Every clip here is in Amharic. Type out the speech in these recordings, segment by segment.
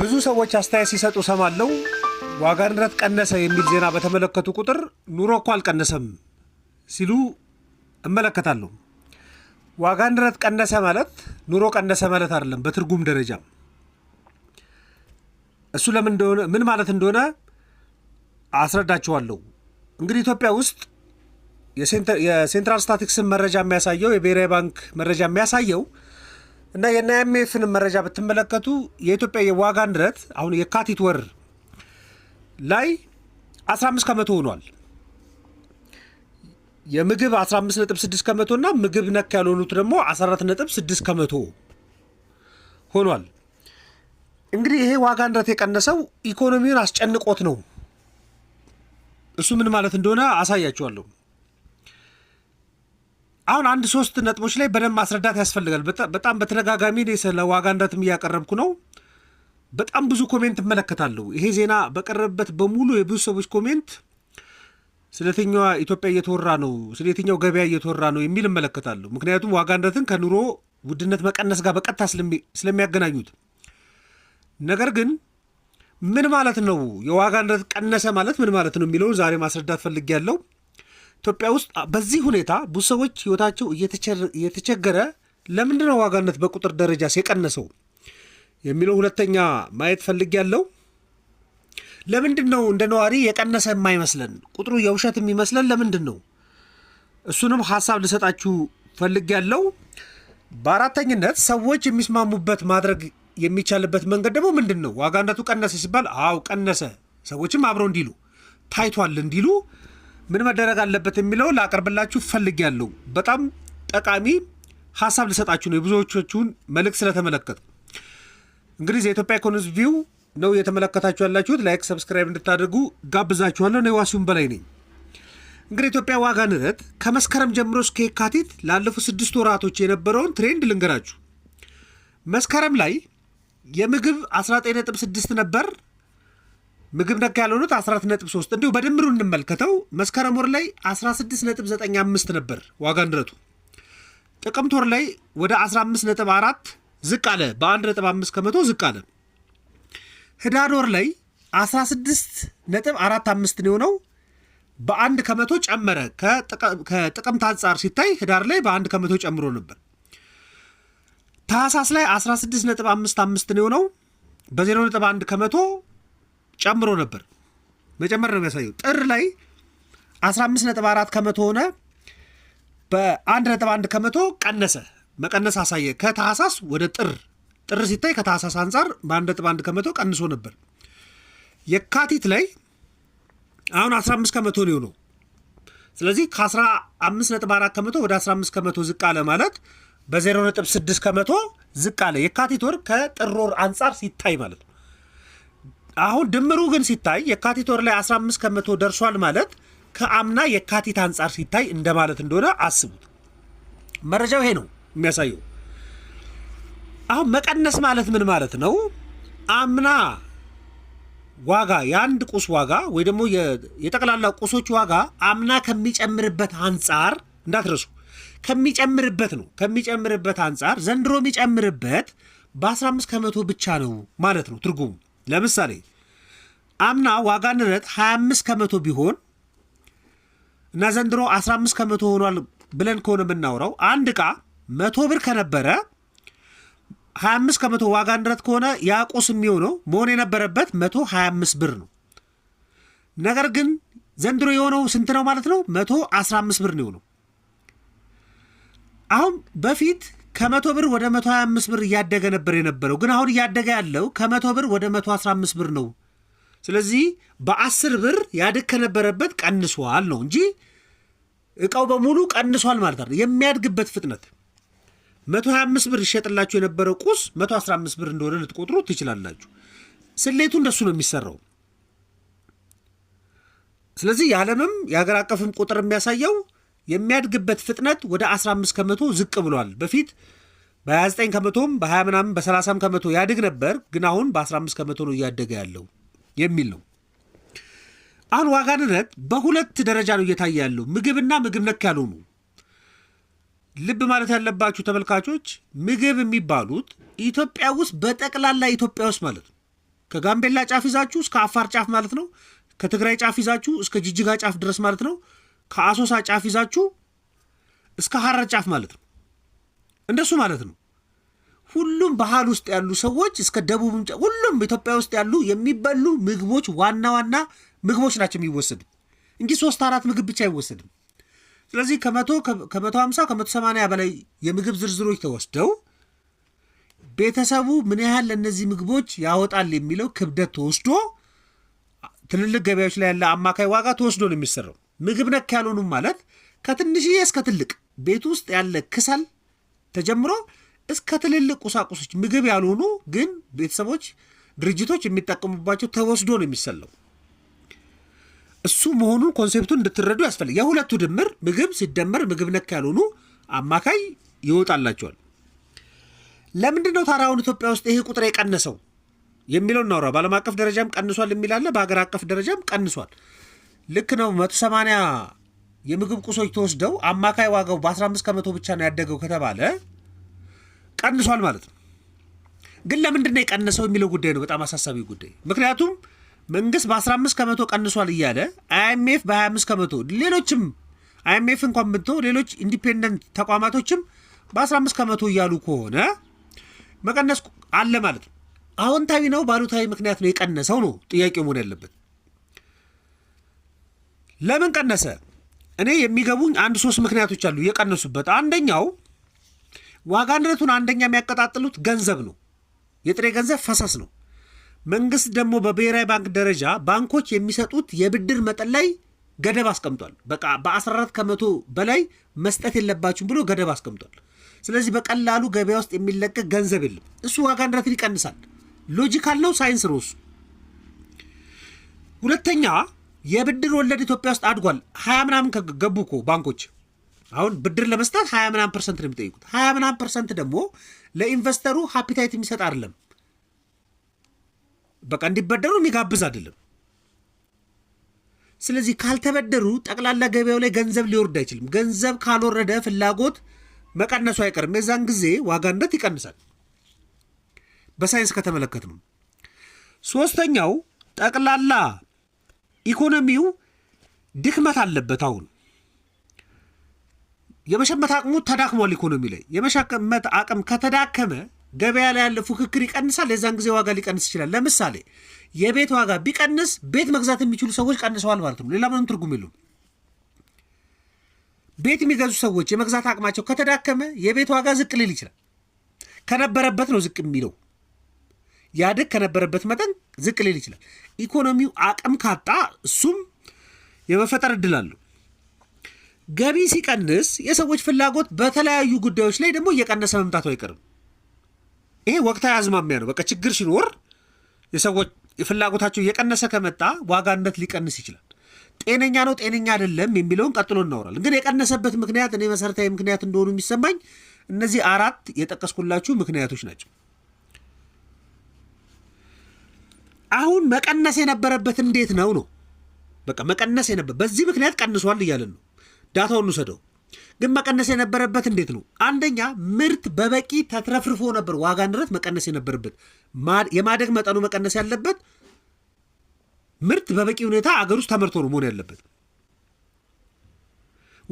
ብዙ ሰዎች አስተያየት ሲሰጡ ሰማለው። ዋጋ ንረት ቀነሰ የሚል ዜና በተመለከቱ ቁጥር ኑሮ እኮ አልቀነሰም ሲሉ እመለከታለሁ። ዋጋ ንረት ቀነሰ ማለት ኑሮ ቀነሰ ማለት አይደለም። በትርጉም ደረጃ እሱ ለምን እንደሆነ ምን ማለት እንደሆነ አስረዳችኋለሁ። እንግዲህ ኢትዮጵያ ውስጥ የሴንትራል ስታቲክስን መረጃ የሚያሳየው የብሔራዊ ባንክ መረጃ የሚያሳየው እና የና መረጃ ብትመለከቱ የኢትዮጵያ የዋጋ ንረት አሁን የካቲት ወር ላይ 15 ከመቶ ሆኗል። የምግብ 15.6 ከመቶ እና ምግብ ነክ ያልሆኑት ደግሞ 14.6 ከመቶ ሆኗል። እንግዲህ ይሄ ዋጋ ንረት የቀነሰው ኢኮኖሚውን አስጨንቆት ነው። እሱ ምን ማለት እንደሆነ አሳያችኋለሁ። አሁን አንድ ሶስት ነጥቦች ላይ በደንብ ማስረዳት ያስፈልጋል። በጣም በተደጋጋሚ ስለ ዋጋ ንረትም እያቀረብኩ ነው። በጣም ብዙ ኮሜንት እመለከታለሁ። ይሄ ዜና በቀረበበት በሙሉ የብዙ ሰዎች ኮሜንት ስለየትኛዋ ኢትዮጵያ እየተወራ ነው፣ ስለየትኛው ገበያ እየተወራ ነው የሚል እመለከታለሁ። ምክንያቱም ዋጋ ንረትን ከኑሮ ውድነት መቀነስ ጋር በቀጥታ ስለሚያገናኙት። ነገር ግን ምን ማለት ነው የዋጋ ንረት ቀነሰ ማለት ምን ማለት ነው የሚለውን ዛሬ ማስረዳት ፈልጌያለሁ። ኢትዮጵያ ውስጥ በዚህ ሁኔታ ብዙ ሰዎች ህይወታቸው እየተቸገረ ለምንድን ነው ዋጋነት በቁጥር ደረጃ ሲቀነሰው የሚለው ሁለተኛ ማየት ፈልግ ያለው ለምንድን ነው እንደ ነዋሪ የቀነሰ የማይመስለን ቁጥሩ የውሸት የሚመስለን ለምንድን ነው? እሱንም ሀሳብ ልሰጣችሁ ፈልግ ያለው። በአራተኝነት ሰዎች የሚስማሙበት ማድረግ የሚቻልበት መንገድ ደግሞ ምንድን ነው? ዋጋነቱ ቀነሰ ሲባል አው ቀነሰ፣ ሰዎችም አብረው እንዲሉ ታይቷል እንዲሉ ምን መደረግ አለበት የሚለው ላቀርብላችሁ ፈልጌያለሁ። በጣም ጠቃሚ ሀሳብ ልሰጣችሁ ነው። የብዙዎቹን መልእክት ስለተመለከት እንግዲህ የኢትዮጵያ ኢኮኖሚስት ቪው ነው እየተመለከታችሁ ያላችሁት። ላይክ ሰብስክራይብ እንድታደርጉ ጋብዛችኋለሁ። ነው ዋሲሁን በላይ ነኝ። እንግዲህ የኢትዮጵያ ዋጋ ንረት ከመስከረም ጀምሮ እስከ የካቲት ላለፉት ስድስት ወራቶች የነበረውን ትሬንድ ልንገራችሁ። መስከረም ላይ የምግብ 19.6 ነበር ምግብ ነክ ያልሆኑት 14.3 እንዲሁ በድምሩ እንመልከተው። መስከረም ወር ላይ 16.95 ነበር ዋጋ ንረቱ። ጥቅምት ወር ላይ ወደ 15.4 ዝቅ አለ፣ በ1.5 ከመቶ ዝቅ አለ። ህዳር ወር ላይ 16.45 ነው የሆነው፣ በአንድ ከመቶ ጨመረ። ከጥቅምት አንጻር ሲታይ ህዳር ላይ በአንድ ከመቶ ጨምሮ ነበር። ታህሳስ ላይ 16.55 ነው የሆነው፣ በ0.1 ከመቶ ጨምሮ ነበር። መጨመር ነው የሚያሳየው። ጥር ላይ 15.4 ከመቶ ሆነ፣ በ1.1 ከመቶ ቀነሰ። መቀነስ አሳየ። ከታህሳስ ወደ ጥር ጥር ሲታይ ከታህሳስ አንጻር በ1.1 ከመቶ ቀንሶ ነበር። የካቲት ላይ አሁን 15 ከመቶ የሆነው። ስለዚህ ከ15.4 ከመቶ ወደ 15 ከመቶ ዝቅ አለ ማለት በ0.6 ከመቶ ዝቅ አለ። የካቲት ወር ከጥር ወር አንጻር ሲታይ ማለት ነው። አሁን ድምሩ ግን ሲታይ የካቲት ወር ላይ 15 ከመቶ ደርሷል ማለት ከአምና የካቲት አንጻር ሲታይ እንደማለት እንደሆነ አስቡት። መረጃው ይሄ ነው የሚያሳየው። አሁን መቀነስ ማለት ምን ማለት ነው? አምና ዋጋ የአንድ ቁስ ዋጋ ወይ ደግሞ የጠቅላላ ቁሶች ዋጋ አምና ከሚጨምርበት አንጻር እንዳትረሱ፣ ከሚጨምርበት ነው ከሚጨምርበት አንጻር ዘንድሮ የሚጨምርበት በ15 ከመቶ ብቻ ነው ማለት ነው ትርጉሙ ለምሳሌ አምና ዋጋ ንረት 25 ከመቶ ቢሆን እና ዘንድሮ 15 ከመቶ ሆኗል ብለን ከሆነ የምናውረው አንድ ዕቃ መቶ ብር ከነበረ 25 ከመቶ ዋጋ ንረት ከሆነ ያቆስ የሚሆነው መሆን የነበረበት 125 ብር ነው። ነገር ግን ዘንድሮ የሆነው ስንት ነው ማለት ነው? 115 ብር ነው የሆነው። አሁን በፊት ከመቶ ብር ወደ 125 ብር እያደገ ነበር የነበረው፣ ግን አሁን እያደገ ያለው ከመቶ ብር ወደ 115 ብር ነው። ስለዚህ በአስር ብር ያድግ ከነበረበት ቀንሷል ነው እንጂ እቃው በሙሉ ቀንሷል ማለት አይደል። የሚያድግበት ፍጥነት 125 ብር ይሸጥላችሁ የነበረው ቁስ 115 ብር እንደሆነ ልትቆጥሩ ትችላላችሁ። ስሌቱ እንደሱ ነው የሚሰራው። ስለዚህ የዓለምም የሀገር አቀፍም ቁጥር የሚያሳየው የሚያድግበት ፍጥነት ወደ 15 ከመቶ ዝቅ ብሏል። በፊት በ29 ከመቶም በ20 ምናምን በ30 ከመቶ ያድግ ነበር፣ ግን አሁን በ15 ከመቶ ነው እያደገ ያለው የሚል ነው። አሁን ዋጋ ንረት በሁለት ደረጃ ነው እየታየ ያለው፣ ምግብና ምግብ ነክ ያልሆኑ። ልብ ማለት ያለባችሁ ተመልካቾች፣ ምግብ የሚባሉት ኢትዮጵያ ውስጥ በጠቅላላ ኢትዮጵያ ውስጥ ማለት ነው ከጋምቤላ ጫፍ ይዛችሁ እስከ አፋር ጫፍ ማለት ነው። ከትግራይ ጫፍ ይዛችሁ እስከ ጅጅጋ ጫፍ ድረስ ማለት ነው። ከአሶሳ ጫፍ ይዛችሁ እስከ ሐረር ጫፍ ማለት ነው። እንደሱ ማለት ነው። ሁሉም ባህል ውስጥ ያሉ ሰዎች እስከ ደቡብ ሁሉም ኢትዮጵያ ውስጥ ያሉ የሚበሉ ምግቦች ዋና ዋና ምግቦች ናቸው የሚወሰዱት እንጂ ሶስት አራት ምግብ ብቻ አይወሰድም። ስለዚህ ከመቶ ከመቶ ሀምሳ ከመቶ ሰማንያ በላይ የምግብ ዝርዝሮች ተወስደው ቤተሰቡ ምን ያህል ለእነዚህ ምግቦች ያወጣል የሚለው ክብደት ተወስዶ ትልልቅ ገበያዎች ላይ ያለ አማካይ ዋጋ ተወስዶ ነው የሚሰራው። ምግብ ነክ ያልሆኑም ማለት ከትንሽዬ እስከ ትልቅ ቤት ውስጥ ያለ ክሰል ተጀምሮ እስከ ትልልቅ ቁሳቁሶች ምግብ ያልሆኑ ግን ቤተሰቦች፣ ድርጅቶች የሚጠቀሙባቸው ተወስዶ ነው የሚሰለው። እሱ መሆኑን ኮንሴፕቱን እንድትረዱ ያስፈልግ። የሁለቱ ድምር ምግብ ሲደመር ምግብ ነክ ያልሆኑ አማካይ ይወጣላቸዋል። ለምንድን ነው ታዲያ አሁን ኢትዮጵያ ውስጥ ይሄ ቁጥር የቀነሰው የሚለው እናውራ። በዓለም አቀፍ ደረጃም ቀንሷል የሚላለ፣ በሀገር አቀፍ ደረጃም ቀንሷል። ልክ ነው። 180 የምግብ ቁሶች ተወስደው አማካይ ዋጋው በ15 ከመቶ ብቻ ነው ያደገው ከተባለ ቀንሷል ማለት ነው። ግን ለምንድነው ነው የቀነሰው የሚለው ጉዳይ ነው በጣም አሳሳቢ ጉዳይ። ምክንያቱም መንግስት በ15 ከመቶ ቀንሷል እያለ አይኤምኤፍ በ25 ከመቶ ሌሎችም አይኤምኤፍ እንኳን ብንቶ ሌሎች ኢንዲፔንደንት ተቋማቶችም በ15 ከመቶ እያሉ ከሆነ መቀነስ አለ ማለት ነው። አዎንታዊ ነው ባሉታዊ ምክንያት ነው የቀነሰው ነው ጥያቄ መሆን ያለበት። ለምን ቀነሰ? እኔ የሚገቡኝ አንድ ሶስት ምክንያቶች አሉ የቀነሱበት። አንደኛው ዋጋ ንረቱን አንደኛ የሚያቀጣጥሉት ገንዘብ ነው፣ የጥሬ ገንዘብ ፈሰስ ነው። መንግስት ደግሞ በብሔራዊ ባንክ ደረጃ ባንኮች የሚሰጡት የብድር መጠን ላይ ገደብ አስቀምጧል። በቃ በ14 ከመቶ በላይ መስጠት የለባችሁም ብሎ ገደብ አስቀምጧል። ስለዚህ በቀላሉ ገበያ ውስጥ የሚለቀቅ ገንዘብ የለም። እሱ ዋጋ ንረትን ይቀንሳል። ሎጂካል ነው፣ ሳይንስ ነው እሱ። ሁለተኛ የብድር ወለድ ኢትዮጵያ ውስጥ አድጓል። ሀያ ምናምን ከገቡ እኮ ባንኮች አሁን ብድር ለመስጠት ሀያ ምናምን ፐርሰንት ነው የሚጠይቁት። ሀያ ምናምን ፐርሰንት ደግሞ ለኢንቨስተሩ ሀፒታይት የሚሰጥ አይደለም። በቃ እንዲበደሩ የሚጋብዝ አይደለም። ስለዚህ ካልተበደሩ ጠቅላላ ገበያው ላይ ገንዘብ ሊወርድ አይችልም። ገንዘብ ካልወረደ ፍላጎት መቀነሱ አይቀርም። የዛን ጊዜ ዋጋ ንረት ይቀንሳል። በሳይንስ ከተመለከት ነው። ሶስተኛው ጠቅላላ ኢኮኖሚው ድክመት አለበት። አሁን የመሸመት አቅሙ ተዳክሟል። ኢኮኖሚ ላይ የመሸመት አቅም ከተዳከመ ገበያ ላይ ያለ ፉክክር ይቀንሳል። የዛን ጊዜ ዋጋ ሊቀንስ ይችላል። ለምሳሌ የቤት ዋጋ ቢቀንስ ቤት መግዛት የሚችሉ ሰዎች ቀንሰዋል ማለት ነው። ሌላ ምንም ትርጉም የለውም። ቤት የሚገዙ ሰዎች የመግዛት አቅማቸው ከተዳከመ የቤት ዋጋ ዝቅ ሊል ይችላል። ከነበረበት ነው ዝቅ የሚለው ያደግ ከነበረበት መጠን ዝቅ ሊል ይችላል። ኢኮኖሚው አቅም ካጣ እሱም የመፈጠር እድል አለው። ገቢ ሲቀንስ የሰዎች ፍላጎት በተለያዩ ጉዳዮች ላይ ደግሞ እየቀነሰ መምጣቱ አይቀርም። ይሄ ወቅታዊ አዝማሚያ ነው። በቃ ችግር ሲኖር የሰዎች ፍላጎታቸው እየቀነሰ ከመጣ ዋጋነት ሊቀንስ ይችላል። ጤነኛ ነው ጤነኛ አይደለም የሚለውን ቀጥሎ እናወራለን። ግን የቀነሰበት ምክንያት እኔ መሰረታዊ ምክንያት እንደሆኑ የሚሰማኝ እነዚህ አራት የጠቀስኩላችሁ ምክንያቶች ናቸው። አሁን መቀነስ የነበረበት እንዴት ነው ነው በቃ መቀነስ የነበረ በዚህ ምክንያት ቀንሷል እያለን ነው። ዳታውን ውሰደው ግን መቀነስ የነበረበት እንዴት ነው? አንደኛ ምርት በበቂ ተትረፍርፎ ነበር። ዋጋ ንረት መቀነስ የነበረበት የማደግ መጠኑ መቀነስ ያለበት ምርት በበቂ ሁኔታ አገር ውስጥ ተመርቶ ነው መሆን ያለበት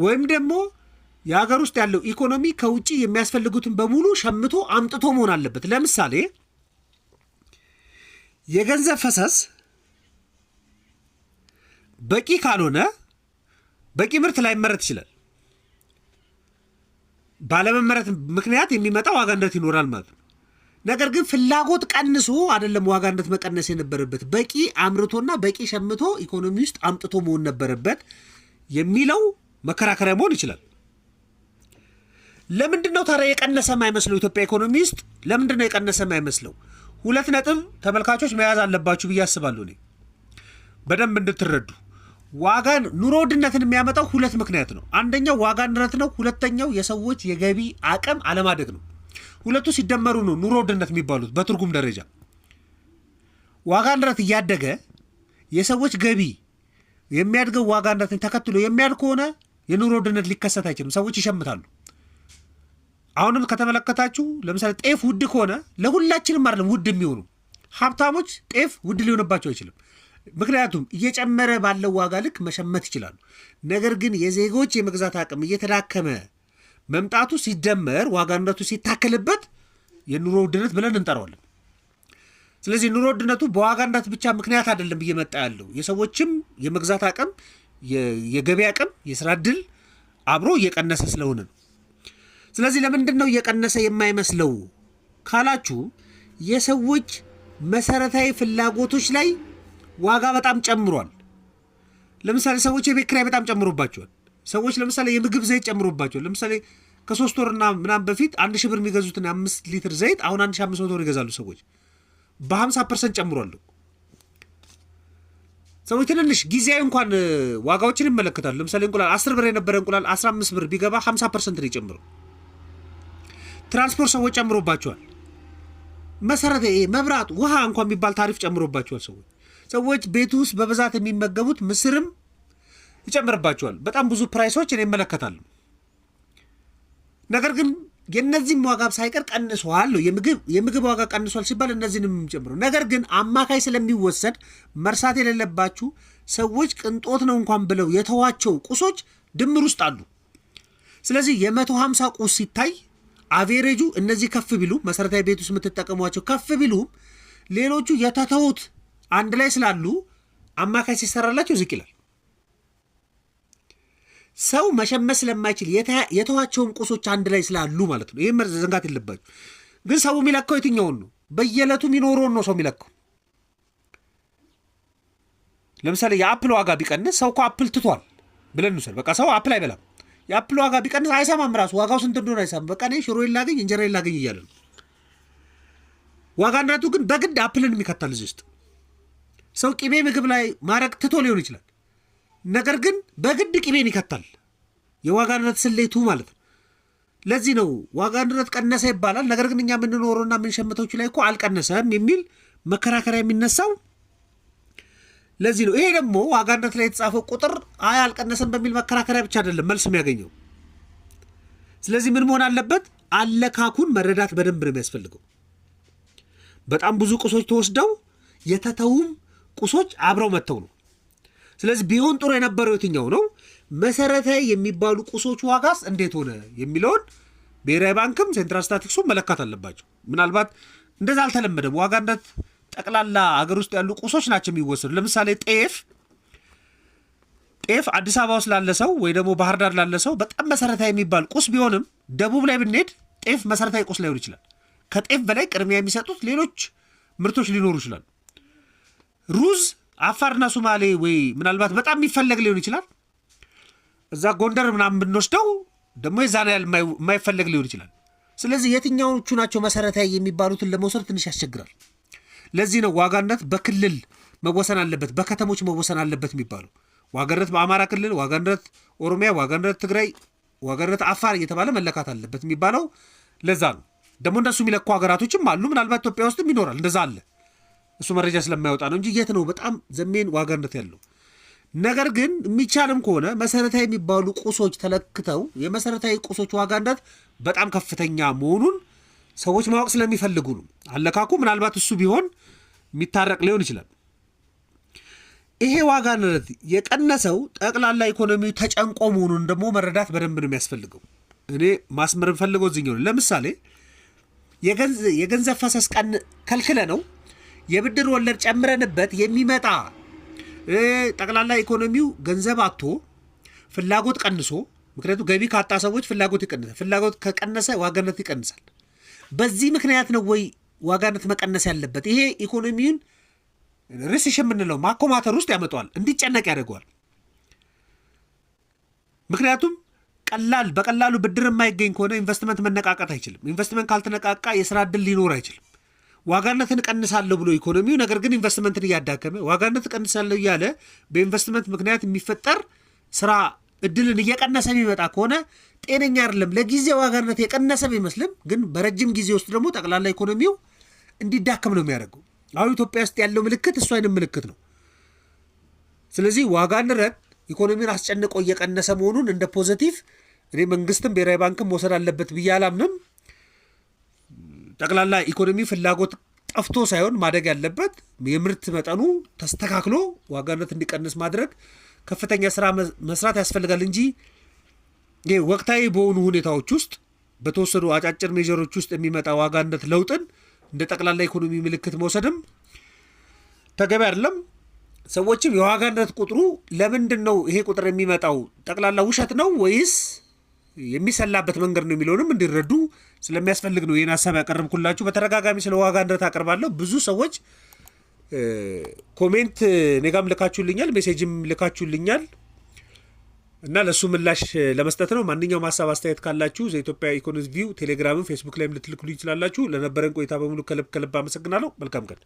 ወይም ደግሞ የሀገር ውስጥ ያለው ኢኮኖሚ ከውጭ የሚያስፈልጉትን በሙሉ ሸምቶ አምጥቶ መሆን አለበት። ለምሳሌ የገንዘብ ፈሰስ በቂ ካልሆነ በቂ ምርት ላይመረት ይችላል። ባለመመረት ምክንያት የሚመጣ ዋጋ ንረት ይኖራል ማለት ነው። ነገር ግን ፍላጎት ቀንሶ አይደለም ዋጋ ንረት መቀነስ የነበረበት በቂ አምርቶና በቂ ሸምቶ ኢኮኖሚ ውስጥ አምጥቶ መሆን ነበረበት የሚለው መከራከሪያ መሆን ይችላል። ለምንድን ነው ታዲያ የቀነሰ ማይመስለው? ኢትዮጵያ ኢኮኖሚ ውስጥ ለምንድን ነው የቀነሰ የማይመስለው? ሁለት ነጥብ ተመልካቾች መያዝ አለባችሁ ብዬ አስባለሁ። እኔ በደንብ እንድትረዱ ዋጋን ኑሮ ውድነትን የሚያመጣው ሁለት ምክንያት ነው። አንደኛው ዋጋ ንረት ነው። ሁለተኛው የሰዎች የገቢ አቅም አለማደግ ነው። ሁለቱ ሲደመሩ ነው ኑሮ ውድነት የሚባሉት በትርጉም ደረጃ። ዋጋ ንረት እያደገ የሰዎች ገቢ የሚያድገው ዋጋ ንረትን ተከትሎ የሚያድግ ከሆነ የኑሮ ውድነት ሊከሰት አይችልም። ሰዎች ይሸምታሉ። አሁንም ከተመለከታችሁ ለምሳሌ ጤፍ ውድ ከሆነ ለሁላችንም አይደለም ውድ የሚሆኑ ሀብታሞች ጤፍ ውድ ሊሆንባቸው አይችልም። ምክንያቱም እየጨመረ ባለው ዋጋ ልክ መሸመት ይችላሉ። ነገር ግን የዜጎች የመግዛት አቅም እየተዳከመ መምጣቱ ሲደመር ዋጋ ንረቱ ሲታከልበት የኑሮ ውድነት ብለን እንጠራዋለን። ስለዚህ ኑሮ ውድነቱ በዋጋ ንረት ብቻ ምክንያት አይደለም እየመጣ ያለው የሰዎችም የመግዛት አቅም፣ የገበያ አቅም፣ የስራ እድል አብሮ እየቀነሰ ስለሆነ ነው። ስለዚህ ለምንድን ነው እየቀነሰ የማይመስለው ካላችሁ የሰዎች መሰረታዊ ፍላጎቶች ላይ ዋጋ በጣም ጨምሯል። ለምሳሌ ሰዎች የቤት ኪራይ በጣም ጨምሮባቸዋል። ሰዎች ለምሳሌ የምግብ ዘይት ጨምሮባቸዋል። ለምሳሌ ከሶስት ወርና ምናምን በፊት አንድ ሺህ ብር የሚገዙትን አምስት ሊትር ዘይት አሁን አንድ ሺህ አምስት መቶ ብር ይገዛሉ ሰዎች በሀምሳ ፐርሰንት ጨምሯል። ሰዎች ትንንሽ ጊዜያዊ እንኳን ዋጋዎችን ይመለከታሉ። ለምሳሌ እንቁላል አስር ብር የነበረ እንቁላል አስራ አምስት ብር ቢገባ ሀምሳ ፐርሰንት ነው የጨምረው። ትራንስፖርት ሰዎች ጨምሮባቸዋል። መሰረተ መብራት፣ ውሃ እንኳ የሚባል ታሪፍ ጨምሮባቸዋል። ሰዎች ሰዎች ቤት ውስጥ በብዛት የሚመገቡት ምስርም ይጨምርባቸዋል። በጣም ብዙ ፕራይሶች እኔ ይመለከታሉ። ነገር ግን የእነዚህም ዋጋ ሳይቀር ቀንሷል። የምግብ ዋጋ ቀንሷል ሲባል እነዚህንም ጨምሮ፣ ነገር ግን አማካይ ስለሚወሰድ መርሳት የሌለባችሁ ሰዎች ቅንጦት ነው እንኳን ብለው የተዋቸው ቁሶች ድምር ውስጥ አሉ። ስለዚህ የመቶ ሃምሳ ቁስ ሲታይ አቬሬጁ እነዚህ ከፍ ቢሉ መሰረታዊ ቤት ውስጥ የምትጠቀሟቸው ከፍ ቢሉም ሌሎቹ የተተውት አንድ ላይ ስላሉ አማካይ ሲሰራላቸው ዝቅ ይላል። ሰው መሸመት ስለማይችል የተዋቸውን ቁሶች አንድ ላይ ስላሉ ማለት ነው። ይህም ዘንጋት የለባችሁ። ግን ሰው የሚለካው የትኛውን ነው? በየዕለቱ የሚኖረውን ነው ሰው የሚለካው። ለምሳሌ የአፕል ዋጋ ቢቀንስ ሰው እኮ አፕል ትቷል ብለን እንውሰድ። በቃ ሰው አፕል አይበላም። የአፕል ዋጋ ቢቀንስ አይሰማም። ራሱ ዋጋው ስንት እንደሆነ አይሰማም። በቃ እኔ ሽሮ ላገኝ እንጀራ ላገኝ እያለ ነው። ዋጋ ንረቱ ግን በግድ አፕልን የሚከታል እዚህ ውስጥ ሰው ቅቤ ምግብ ላይ ማድረግ ትቶ ሊሆን ይችላል። ነገር ግን በግድ ቅቤን ይከታል። የዋጋ ንረት ስሌቱ ማለት ነው። ለዚህ ነው ዋጋ ንረት ቀነሰ ይባላል። ነገር ግን እኛ የምንኖረውና የምንሸምተው ላይ እኮ አልቀነሰም የሚል መከራከሪያ የሚነሳው ለዚህ ነው ይሄ ደግሞ ዋጋነት ላይ የተጻፈው ቁጥር አይ አልቀነሰን በሚል መከራከሪያ ብቻ አይደለም መልስ የሚያገኘው። ስለዚህ ምን መሆን አለበት? አለካኩን መረዳት በደንብ ነው የሚያስፈልገው። በጣም ብዙ ቁሶች ተወስደው የተተውም ቁሶች አብረው መጥተው ነው። ስለዚህ ቢሆን ጥሩ የነበረው የትኛው ነው? መሰረታዊ የሚባሉ ቁሶች ዋጋስ እንዴት ሆነ የሚለውን ብሔራዊ ባንክም ሴንትራል ስታቲክሱም መለካት አለባቸው። ምናልባት እንደዛ አልተለመደም ዋጋነት ጠቅላላ ሀገር ውስጥ ያሉ ቁሶች ናቸው የሚወሰዱ። ለምሳሌ ጤፍ ጤፍ አዲስ አበባ ውስጥ ላለ ሰው ወይ ደግሞ ባህር ዳር ላለ ሰው በጣም መሰረታዊ የሚባል ቁስ ቢሆንም ደቡብ ላይ ብንሄድ ጤፍ መሰረታዊ ቁስ ላይሆን ይችላል። ከጤፍ በላይ ቅድሚያ የሚሰጡት ሌሎች ምርቶች ሊኖሩ ይችላሉ። ሩዝ አፋርና ሱማሌ ወይ ምናልባት በጣም የሚፈለግ ሊሆን ይችላል። እዛ ጎንደር ምናምን ብንወስደው ደግሞ የዛን ያህል የማይፈለግ ሊሆን ይችላል። ስለዚህ የትኛዎቹ ናቸው መሰረታዊ የሚባሉትን ለመውሰድ ትንሽ ያስቸግራል። ለዚህ ነው ዋጋነት በክልል መወሰን አለበት፣ በከተሞች መወሰን አለበት የሚባለው። ዋጋነት በአማራ ክልል፣ ዋጋነት ኦሮሚያ፣ ዋጋነት ትግራይ፣ ዋጋነት አፋር እየተባለ መለካት አለበት የሚባለው ለዛ ነው። ደግሞ እንደሱ የሚለኩ ሀገራቶችም አሉ። ምናልባት ኢትዮጵያ ውስጥም ይኖራል፣ እንደዛ አለ። እሱ መረጃ ስለማይወጣ ነው እንጂ የት ነው በጣም ዘሜን ዋጋነት ያለው። ነገር ግን የሚቻልም ከሆነ መሰረታዊ የሚባሉ ቁሶች ተለክተው የመሰረታዊ ቁሶች ዋጋነት በጣም ከፍተኛ መሆኑን ሰዎች ማወቅ ስለሚፈልጉ ነው አለካኩ። ምናልባት እሱ ቢሆን የሚታረቅ ሊሆን ይችላል። ይሄ ዋጋ ንረት የቀነሰው ጠቅላላ ኢኮኖሚው ተጨንቆ መሆኑን ደግሞ መረዳት በደንብ ነው የሚያስፈልገው። እኔ ማስመር የምፈልገው እዚህኛው ለምሳሌ የገንዘብ ፈሰስ ቀን ከልክለ ነው የብድር ወለድ ጨምረንበት የሚመጣ ጠቅላላ ኢኮኖሚው ገንዘብ አቶ ፍላጎት ቀንሶ፣ ምክንያቱም ገቢ ካጣ ሰዎች ፍላጎት ይቀንሳል። ፍላጎት ከቀነሰ ዋጋ ንረት ይቀንሳል። በዚህ ምክንያት ነው ወይ ዋጋነት መቀነስ ያለበት ይሄ ኢኮኖሚውን ሪሴሽን የምንለው ማኮማተር ውስጥ ያመጣዋል፣ እንዲጨነቅ ያደርገዋል። ምክንያቱም ቀላል በቀላሉ ብድር የማይገኝ ከሆነ ኢንቨስትመንት መነቃቀት አይችልም። ኢንቨስትመንት ካልተነቃቃ የስራ እድል ሊኖር አይችልም። ዋጋነትን እቀንሳለሁ ብሎ ኢኮኖሚው ነገር ግን ኢንቨስትመንትን እያዳከመ ዋጋነት እቀንሳለሁ እያለ በኢንቨስትመንት ምክንያት የሚፈጠር ስራ እድልን እየቀነሰ የሚመጣ ከሆነ ጤነኛ አይደለም። ለጊዜ ዋጋነት የቀነሰ ቢመስልም ግን በረጅም ጊዜ ውስጥ ደግሞ ጠቅላላ ኢኮኖሚው እንዲዳከም ነው የሚያደርገው። አሁን ኢትዮጵያ ውስጥ ያለው ምልክት እሱ አይነት ምልክት ነው። ስለዚህ ዋጋ ንረት ኢኮኖሚን አስጨንቆ እየቀነሰ መሆኑን እንደ ፖዘቲቭ እኔ መንግስትም ብሔራዊ ባንክም መውሰድ አለበት ብዬ አላምንም። ጠቅላላ ኢኮኖሚ ፍላጎት ጠፍቶ ሳይሆን ማደግ ያለበት የምርት መጠኑ ተስተካክሎ ዋጋነት እንዲቀንስ ማድረግ ከፍተኛ ስራ መስራት ያስፈልጋል እንጂ ወቅታዊ በሆኑ ሁኔታዎች ውስጥ በተወሰኑ አጫጭር ሜሮች ውስጥ የሚመጣ ዋጋነት ለውጥን እንደ ጠቅላላ ኢኮኖሚ ምልክት መውሰድም ተገቢ አይደለም። ሰዎችም የዋጋ ንረት ቁጥሩ ለምንድን ነው ይሄ ቁጥር የሚመጣው ጠቅላላ ውሸት ነው ወይስ የሚሰላበት መንገድ ነው የሚለውንም እንዲረዱ ስለሚያስፈልግ ነው ይህን ሀሳብ ያቀረብኩላችሁ። በተደጋጋሚ ስለ ዋጋ ንረት አቀርባለሁ። ብዙ ሰዎች ኮሜንት ኔጋም ልካችሁልኛል፣ ሜሴጅም ልካችሁልኛል። እና ለእሱ ምላሽ ለመስጠት ነው። ማንኛውም ሀሳብ አስተያየት ካላችሁ ዘኢትዮጵያ ኢኮኖሚስት ቪው ቴሌግራምን፣ ፌስቡክ ላይም ልትልክሉ ይችላላችሁ። ለነበረን ቆይታ በሙሉ ከልብ ከልብ አመሰግናለሁ። መልካም ቀን